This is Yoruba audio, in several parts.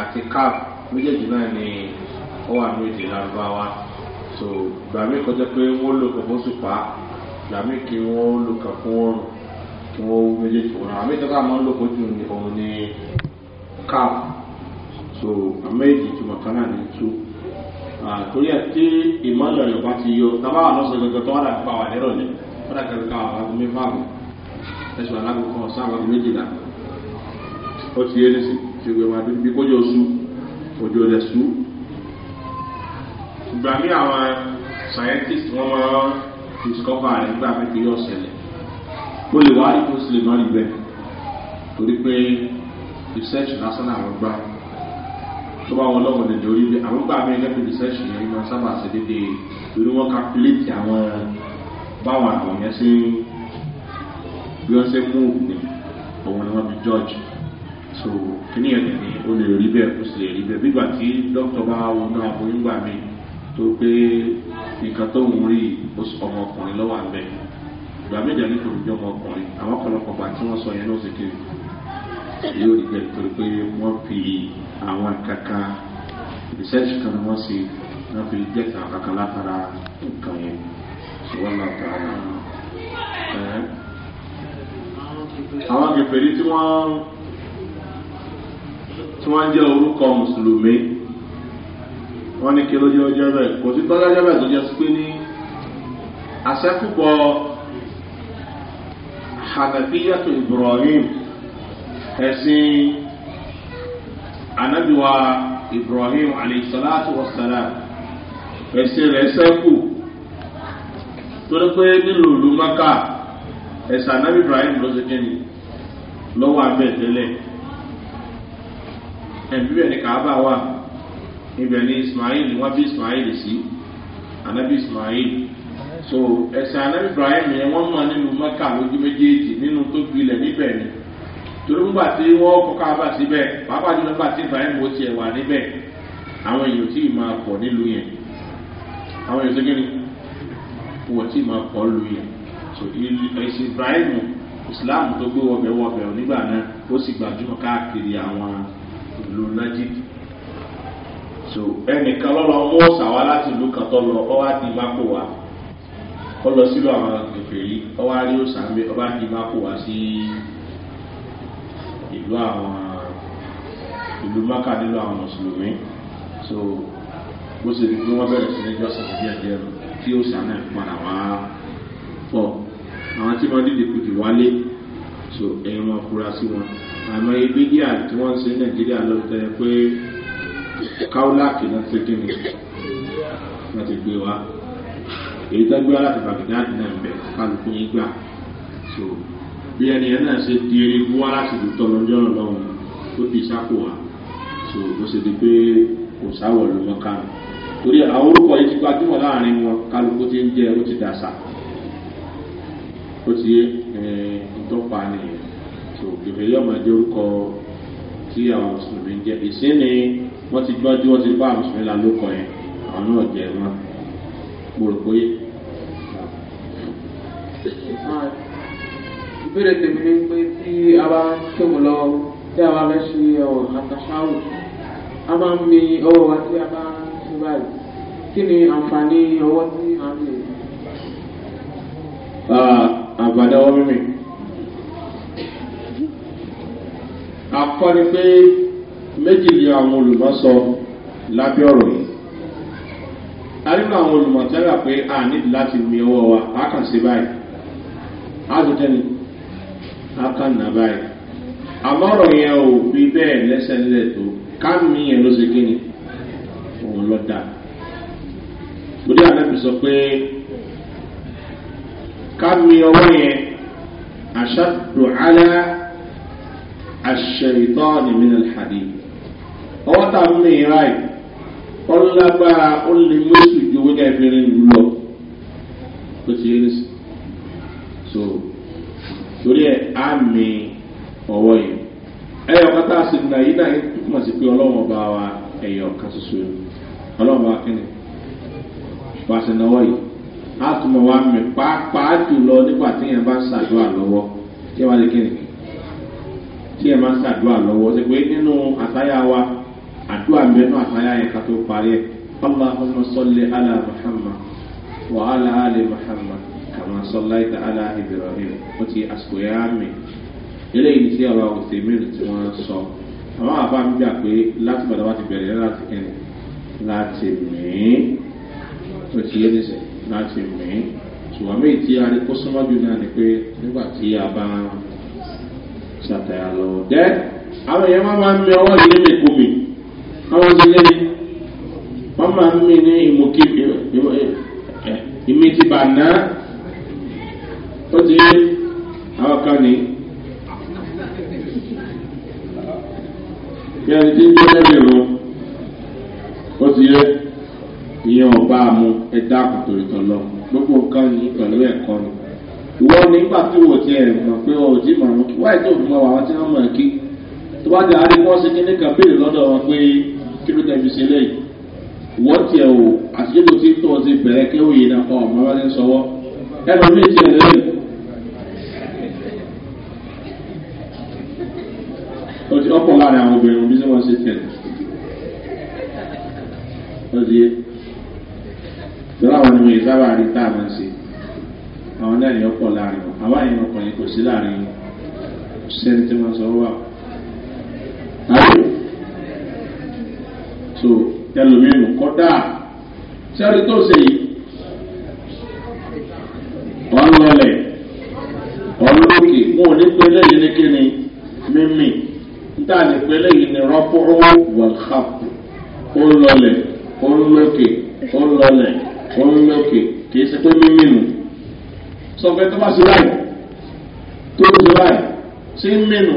àti cap méjèèjì náà ni ó wà ní èdè lárúbáwá so gbàmí kọjá pé wọ́n lò kàn fún sùpá gbàmí kí wọ́n lò kàn fún ọrùn kí wọ́n wú méjèèjì wọn àmì ìtọ́ka máa ń lò kojú òun ní cap so àmì èdè ìtumọ̀ kan náà ní tú torí ẹ tí ìmọ̀lẹ̀ yorùbá ti yọ tábà wà lọ́sọ̀ gbẹgbẹ tó wà láti pa wà nírọ̀lẹ́ wọ́n dàgbẹ́ ká wà láti mẹ́fà ẹ̀sùn alágbèkọ́ sáà méjìlá ó ti yé lé sí ti wẹ̀ wá níbi kójọ sú òjò rẹ̀ su. ìgbà mí àwọn scientist wọ́n máa ń discover rẹ̀ nígbà pé kí yóò ṣẹlẹ̀ ó lè wá ipò sílẹ̀ náà rí bẹ́ẹ̀ torí pé research lásán àwọn gbà tó bá wọn lọ́wọ́ lè dórí bí àwọn gbà mí lẹ́kùn research yẹn máa sábà ṣe déédéé torí wọ́n calculate àwọn báwọn àwọn yẹn ṣe bí wọ́n ṣe mú òun ni òun ni wọ́n fi judge so kini ẹ̀ ni, o lè rí bẹ́ẹ̀ kó sì lè rí bẹ́ẹ̀ nígbà tí dókítà bá wọnú aboyún gbà mí tó pé nǹkan tó ń rí ọmọkùnrin lọ́wọ́ àbẹ̀ ìgbà méjì ní kò ní jẹ́ ọmọkùnrin àwọn ọ̀pọ̀lọpọ̀ gbà tí wọ́n sọ yẹn lọ́sẹ̀ kiri yóò rí bẹ́ẹ̀ torí pé wọ́n fi àwọn kàkà research kan wọ́n sì wọ́n fi jẹ́ kàkà látara nǹkan yẹn ṣùgbọ́n látara àwọn kẹfẹ́rí tí wọ́n tí wọ́n jẹ́ orúkọ mùsùlùmí wọ́n ní kí ló jẹ́ ọjọ́ bẹ́ẹ̀ kò sí tọ́jú ọjọ́ bẹ́ẹ̀ tó jẹ́ sí ní àṣẹ́kùbọ̀ hanafiyatu ibrahim ẹ̀sìn anabiwa ibrahim aleyhisalatu wasalam ẹ̀sìn rẹ̀ sẹ́kù torí pé nílùú lùmákà ẹ̀sìn anabi ibrahim ló ṣe kí ni lọ́wọ́ abẹ́ ẹbí bẹ́ẹ̀ ni kàábà wà ibẹ̀ ni ismail wọ́n bí ismail sí anabi ismail so ẹ̀sìn anabi ibrahim yẹn wọ́n mọ̀ nínú mẹ́ka lójú méjèèjì nínú tó gbilẹ̀ níbẹ̀ ni torí nígbà tí wọ́n kọ́ kàábà síbẹ̀ pàápàá jùlọ nígbà tí ibrahim ó tiẹ̀ wà níbẹ̀ àwọn èèyàn tí ì máa pọ̀ yẹn àwọn èèyàn tó wọ́n tí ì máa pọ̀ yẹn so ẹ̀sìn ibrahim islam tó gbé wọbẹ̀ wọbẹ̀ nígbà náà ó sì gbajúmọ̀ káàkiri àwọn ìlú najid so ẹnìkan lọ́lọ́ mú ọ̀sà wá láti ìlú kan tó lọ ọwá di mákò wá ó lọ sílùú àwọn kẹfẹ́rí ọwá rí ọ̀sà ń bẹ ọba di mákò wá sí ìlú àwọn ìlú mákà nínú àwọn mùsùlùmí so bó ṣe ní pé wọ́n bẹ̀rẹ̀ sí ní jọ́sìn díẹ̀ díẹ̀ tí ọ̀sà náà padà wá pọ̀ àwọn tí wọ́n dìde kùtù wálé so ẹ̀yin wọn fura sí wọn àmọ́ ibi díà tí wọ́n ń ṣe nàìjíríà lọ tẹ́lẹ̀ pé káwọ́láàkì náà ti kí ni wọ́n ti gbé wa èyí tó gbé wa láti bàgídáàdì náà ń bẹ̀ kálukú yín gbà so bí ẹni ẹ̀ náà ṣe di eré fún wa láti lù tọ́ lọ́jọ́ lọ́wọ́ tó di sápò wa so ó ṣe di pé kò sáwọ̀ ló mọ́ kánú torí àwọn orúkọ yìí ti gbajúmọ̀ láàrin wọn kálukú ti ń jẹ́ ó ti dà sáà ó ti yé ntọ́pa eh, nìyẹn tó kẹfẹ́ yọ máa jẹ́ orúkọ tí àwọn mùsùlùmí ń jẹ́ ìsín ni wọ́n ti gbọ́jú wọ́n ti bá mùsùlùmí la ló kọ yẹn àwọn náà jẹ́ wọn mo rò pé. ìbéèrè tèmi ni pé tí a bá tóbi lọ tí a bá fẹ́ ṣe ọ̀rọ̀ àtàṣáwò a máa ń mi ọwọ́ wa tí a bá ń ṣe báyìí kí ni àǹfààní ọwọ́ tí a ń lè. Ah, àgbà náwó mímì. akọ́ ni pé méjìlél àwọn olùmọ̀ sọ lábẹ́ ọ̀rọ̀ yìí arínú àwọn olùmọ̀ pé a nídìí láti mi ọwọ́ wa a kàn sí báyìí a tó tẹ́ni a kàn ná báyìí àmọ́ ọ̀rọ̀ yẹn ò fi bẹ́ẹ̀ lẹ́sẹ̀ nílẹ̀ tó ká mi yẹn ló ṣe kí ni òun lọ́ọ́ dà. Bùdí àná fi sọ pé kámi ọwọ́ yẹn aṣáàdù alá aṣèǹtọ́ nìmínà hàdí ọwọ́ tá a mú mi ráì ọlọ́lágbára ó lè mẹ́sù ju owó náà fi rìn lọ tó ti yé nísì so torí ẹ á mi ọwọ́ yẹn ẹyọ kan tá a sì nà yí náà yí túmọ̀ sí pé ọlọ́wọ́n bá wa ẹyọ kan ṣoṣo ọlọ́wọ́n bá kí ni bá a sì náwó yìí àtúmọ̀ wa mi pàápàá jùlọ nígbà tí yẹn bá ṣàdúrà lọ́wọ́ tí yẹn bá lè kéde tí yẹn bá ṣàdúrà lọ́wọ́ ṣe pé nínú àtayá wa àdúrà mẹ́nu àtayá yẹn ká tó parí ẹ̀ allahumma salli ala muhammad wa ala ali muhammad kàmá sọlá ìta ala ibrahim ó ti àsìkò yá mi eléyìí tí ọ̀rọ̀ òsèmínú tí wọ́n sọ àwọn àbá mi gbà pé láti bàtà wá ti bẹ̀rẹ̀ láti kẹ́ni láti mí ó ti yé nísìnyí láti mí ṣùgbọ́n méjì tí a rí kó sọ́mọ́jú náà ni pé nígbà tí a bá ṣàtàyà lọ dẹ́ àwọn èèyàn máa ń mi ọwọ́ yìí lè kú mi káwọn ti lé wọ́n máa ń mi ní ìmọ̀kí ìmí ti bà ná ó ti yé àwọn kan ní. bí a ti ń jẹ́ lẹ́yìn lọ ó ìyẹn ọba mu ẹ̀dá àkùtò ìtàn lọ gbogbo nǹkan yìí pẹ̀lú ẹ̀kọ́ ni. ìwọ nígbà tí wò ti ẹ̀ mọ̀ pé o ti mọ̀ wọn wáyé tó fún wa tí wọ́n mọ̀ kí tó bá dà á rí wọ́n sí kíní kan béèrè lọ́dọ̀ wọn pé kí ló tẹ̀ fi ṣe lẹ́yìn. ìwọ tiẹ̀ o àtijọ́ tó ti tó o ti bẹ̀rẹ̀ kí ó yìí náà kọ́ ọ̀mọ́ bá ti ń sọwọ́ ẹlòmíì tiẹ̀ lẹ́yìn. ọkọ̀ láàrin àwọn obìnrin bí wọ́n ṣe tẹ̀ yìí sábà rí tá a máa ń ṣe àwọn náà yọ pọ̀ láàrin wọn àwọn àyìn ọkùnrin kò sí láàrin wọn kò sí ẹni tí wọ́n sọ wà. so ẹlòmínú kọ́dà sẹ́rí tó ṣe yìí wọ́n lọlẹ̀ wọ́n lókè wọn ò ní pẹ́ lẹ́yìn ní kíni mímì níta ní pẹ́ lẹ́yìn ní rọ́pọ́rọ́ wọ̀lkápù ó lọlẹ̀ ó lókè ó lọlẹ̀ òun ní òkè kì í ṣe pé mímì nù sọ pé tó bá ṣe báyìí tó ṣe báyìí ṣé ń mì nù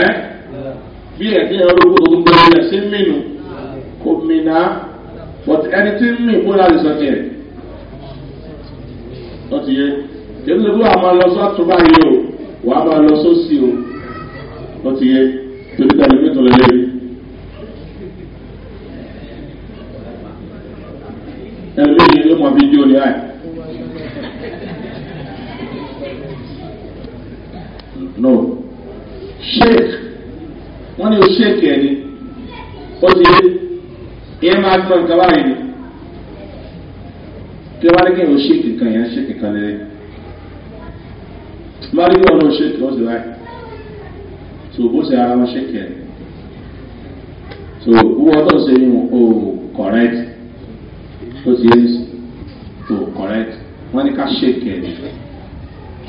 ẹ́ bí ẹ̀ kí ẹ̀ olóko tó gbọ́ ẹ̀ ṣé ń mì nù kò mì náà but ẹni tí ń mì kó láti sọ tiẹ̀ lọ́tìyẹ kí ẹ̀ ń lè lọ́wọ́ àwọn lọ́sọ́ àtúbáyé o. ó ti yé ìyẹn máa tọ́ nǹkan báyìí ni tí wọ́n á ní kí wọ́n ṣèkì kan yẹn ṣèkì kan lẹ́yìn wọ́n kí wọ́n náà ṣèkì wọ́n báyìí so bó ṣe ara wọn ṣèkì ẹ̀ so wúwọ́ tó ṣe ni o oh, correct ó ti yé o correct wọ́n ní ká ṣèkì ẹ̀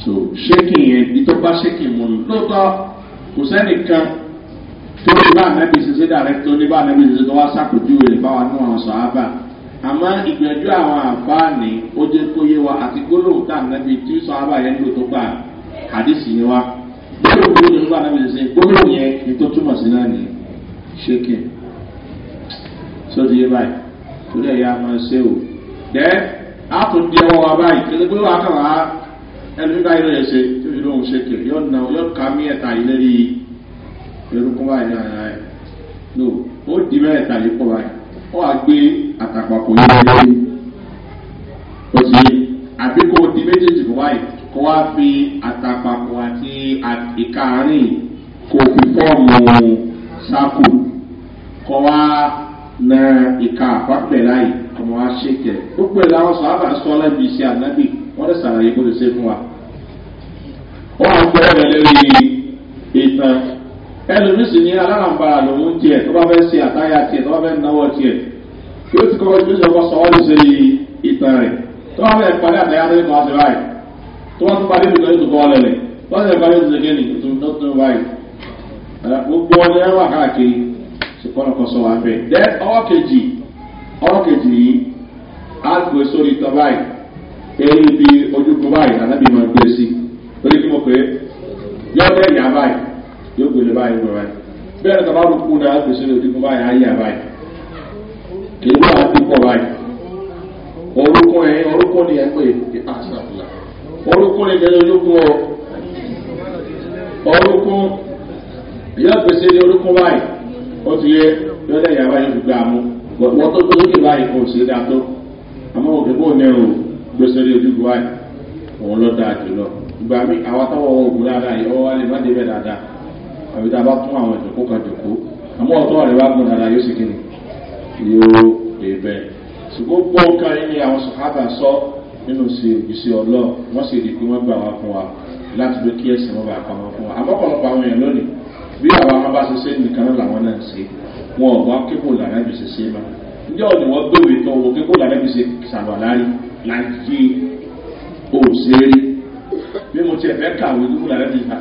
so ṣèkì yẹn ibi tó bá ṣèkì mú un lóòótọ́ kò sẹ́nìkan torí bá ànábì ṣiṣẹ́ dàrẹ́tọ̀ ní bá ànábì ṣiṣẹ́ tó wá sàkójúwe rẹ̀ báwa ní wọn sọ ábà àmọ́ ìgbẹ́jọ́ àwọn àfáàní ó jẹ́ kó yé wa àti gbólóhùn tá ànábì tí sọ ábà yẹn nílò tó gbà àdìsí ni wa gbólóhùn tó yẹ kó ànábì ṣiṣẹ́ gbólóhùn yẹn ni tó túmọ̀ sí náà nìyẹn ṣéke sóde yé báyìí torí ẹ̀yà máa ṣe o dẹ́ a tún di ọwọ́ wa báyìí kí ló gbé wa kàn wá ẹlòmíbáyìí ló yẹ ṣe tó fi eruku báyìí náà náà ẹ̀ no ó di mẹ́rẹ̀ tàbí pọ̀ báyìí ó wàá gbé àtàpàpọ̀ yìí lórí òsì àbí kò di méjèèjì pọ̀ báyìí kó wá fi àtàpàpọ̀ àti ìka àárín kò fi fọ́ọ̀mù sáàkù kó wá na ìka àpapẹ̀ láyìí ọmọ wa ṣe kẹ̀ gbogbo ẹ̀ làwọn sọ̀rọ̀ àbá sọ lẹ́bi iṣẹ́ ànábì wọ́n lè sàlàyé bó lè ṣe fún wa. wọ́n á gbọ́ ọ̀rọ̀ lórí ìtàn ẹlòmí sì ní alárànbarà lòún tiẹ̀ tó bá fẹ́ ṣe àtàyà tiẹ̀ tó bá fẹ́ náwó tiẹ̀ yóò ti kọ́kọ́ ju ìṣọ̀kọ sọ́wọ́ ní sẹ́yìn ìtàn rẹ̀ tó bá fẹ́ parí àtàyà tó yẹ kó ṣe báyìí tó bá ti parí ìtàn yóò tó kọ́ lẹ̀lẹ̀ tó bá ti parí ìtàn yóò tó tó báyìí gbogbo ọdún ẹwà káàkiri ṣùkọ́nàkọ́ sọ wá dẹ́ ọwọ́ kejì yìí á sórí ìtàn báyìí èyí bí ojúkọ yóò gbélé báyìí lọ báyìí bẹ́ẹ̀ tàbá ló kú náà gbèsè lòdì fún báyìí ayé àbáyìí kì í máa dín pọ̀ báyìí orúkọ ẹ̀ orúkọ ni ẹ̀ pé àṣàfùlà orúkọ ni kẹ́lẹ́ ológun ọ orúkọ yóò gbèsè ní orúkọ báyìí ó ti yẹ yóò dẹ̀ yàrá yóò gbà mú wọ́n tó gbèsè lòdì báyìí kò sí dáa tó àmọ́ òkè bò ní ẹ̀rù gbèsè lòdì báyìí òun ló dáa jùlọ ìgbà mi àwọn táwọn òògùn dáadáa yìí ọwọ́ àbí tá a bá tún àwọn ìjòkó kan jòkó àmọ́ ọ̀tọ́ rẹ̀ bá gbọ́n dára yóò sì kí ni yóò lè bẹ̀. ṣùgbọ́n gbọ́ nǹkan yìí ni àwọn sọ̀hábà sọ nínú sí ìṣe ọlọ́ wọ́n sì rí i pé wọ́n gbà wá fún wa láti ló kí ẹ̀sìn wọn bá pa wọn fún wa àmọ́ ọ̀pọ̀lọpọ̀ àwọn èèyàn lónìí bí àwọn abáṣeṣe nìkan náà làwọn náà ń ṣe wọn ò wá kébù làrá ibi ṣe ṣe má ní ọ̀dọ̀ wọn gbèwé tó wọ kébù làrá ibi ṣe ṣàlùwàlárí láti yí òṣèré bí mo tiẹ̀ fẹ́ kàwé kébù làrá ibi